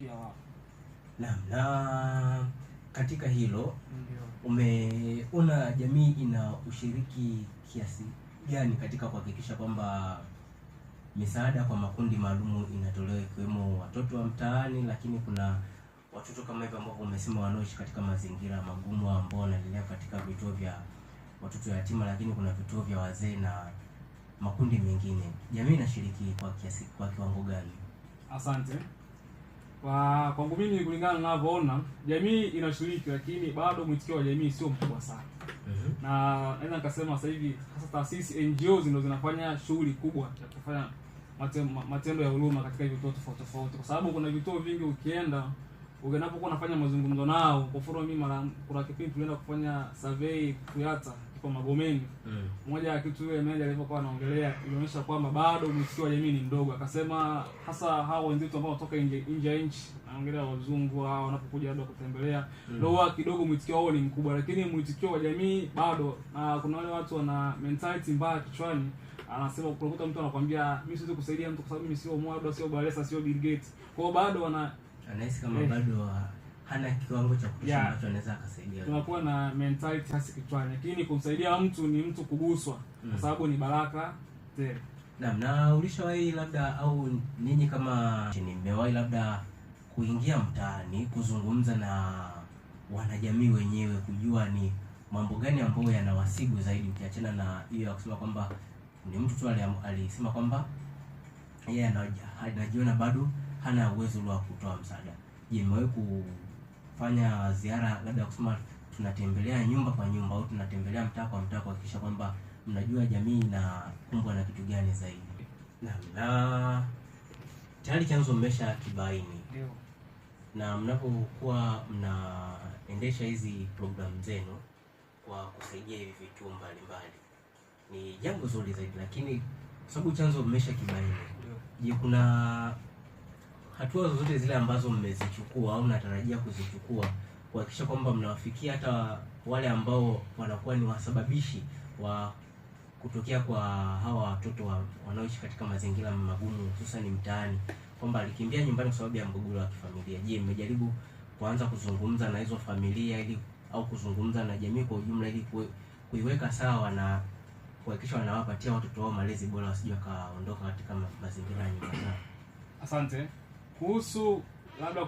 Yeah. Naam, na katika hilo umeona jamii ina ushiriki kiasi gani katika kuhakikisha kwamba misaada kwa makundi maalumu inatolewa ikiwemo watoto wa mtaani, lakini kuna watoto kama hivyo ambao umesema wanaoishi katika mazingira magumu ambao wanaendelea katika vituo vya watoto yatima, lakini kuna vituo vya wazee na makundi mengine. Jamii inashiriki kwa kiasi, kwa kiwango gani? Asante. Kwa kwangu mimi kulingana ninavyoona, jamii inashiriki, lakini bado mwitikio wa jamii sio mkubwa sana. Mm -hmm. Na naweza nikasema sasa hivi hasa taasisi NGOs ndio zinafanya shughuli kubwa ya kufanya matendo ya huruma katika vituo tofauti tofauti, kwa sababu kuna vituo vingi ukienda unapokuwa unafanya mazungumzo nao. Kwa mfano mimi mara kuna kipindi tulienda kufanya survey Kuyata kwa Magomeni mm. Moja ya kitu yule meneja alivyokuwa anaongelea ilionyesha kwamba bado mwitikio wa jamii ni mdogo. Akasema hasa hao wenzetu ambao wanatoka nje nje ya nchi, anaongelea wazungu hao wanapokuja labda kutembelea mm. Ndio huwa kidogo mwitikio wao ni mkubwa, lakini mwitikio wa jamii bado, na kuna wale watu wana mentality mbaya kichwani anasema unakuta mtu anakwambia mimi siwezi kusaidia mtu kwa sababu mimi sio mwa labda sio Baresa, sio Bill Gates. Kwao bado wana anahisi kama eh, bado wa hana kiwango cha kutosha yeah, ambacho anaweza akasaidia. Tunakuwa na mentality hasi kichwani, lakini kumsaidia mtu ni mtu kuguswa, kwa mm. sababu ni baraka tele. Naam, na ulishawahi labda, au ninyi kama mmewahi labda kuingia mtaani kuzungumza na wanajamii wenyewe, kujua ni mambo gani ambayo yanawasibu zaidi, ukiachana na hiyo ya kusema kwamba ni mtu tu alisema kwamba yeye yeah, anajiona bado hana uwezo wa kutoa msaada. Je, mmewahi kufanya ziara labda kusema tunatembelea nyumba kwa nyumba au tunatembelea mtaa kwa mtaa kuhakikisha kwamba mnajua jamii inakumbwa na kitu gani zaidi. Na, na tayari chanzo mmesha kibaini Na mnapokuwa mnaendesha hizi programu zenu kwa kusaidia hivi vituo mbalimbali ni jambo zuri zaidi, lakini kwa sababu chanzo mmesha kibaini, je, kuna hatua zozote zile ambazo mmezichukua au mnatarajia kuzichukua kuhakikisha kwamba mnawafikia hata wale ambao wanakuwa ni wasababishi wa kutokea kwa hawa watoto wa, wanaoishi katika mazingira magumu hususan mtaani, kwamba alikimbia nyumbani kwa sababu ya mgogoro wa kifamilia. Je, mmejaribu kuanza kuzungumza na hizo familia ili au kuzungumza na jamii kwa ujumla ili kuiweka sawa na kuhakikisha wanawapatia watoto wao malezi bora wasije wakaondoka katika mazingira ya nyumba zao? Asante. Kuhusu labda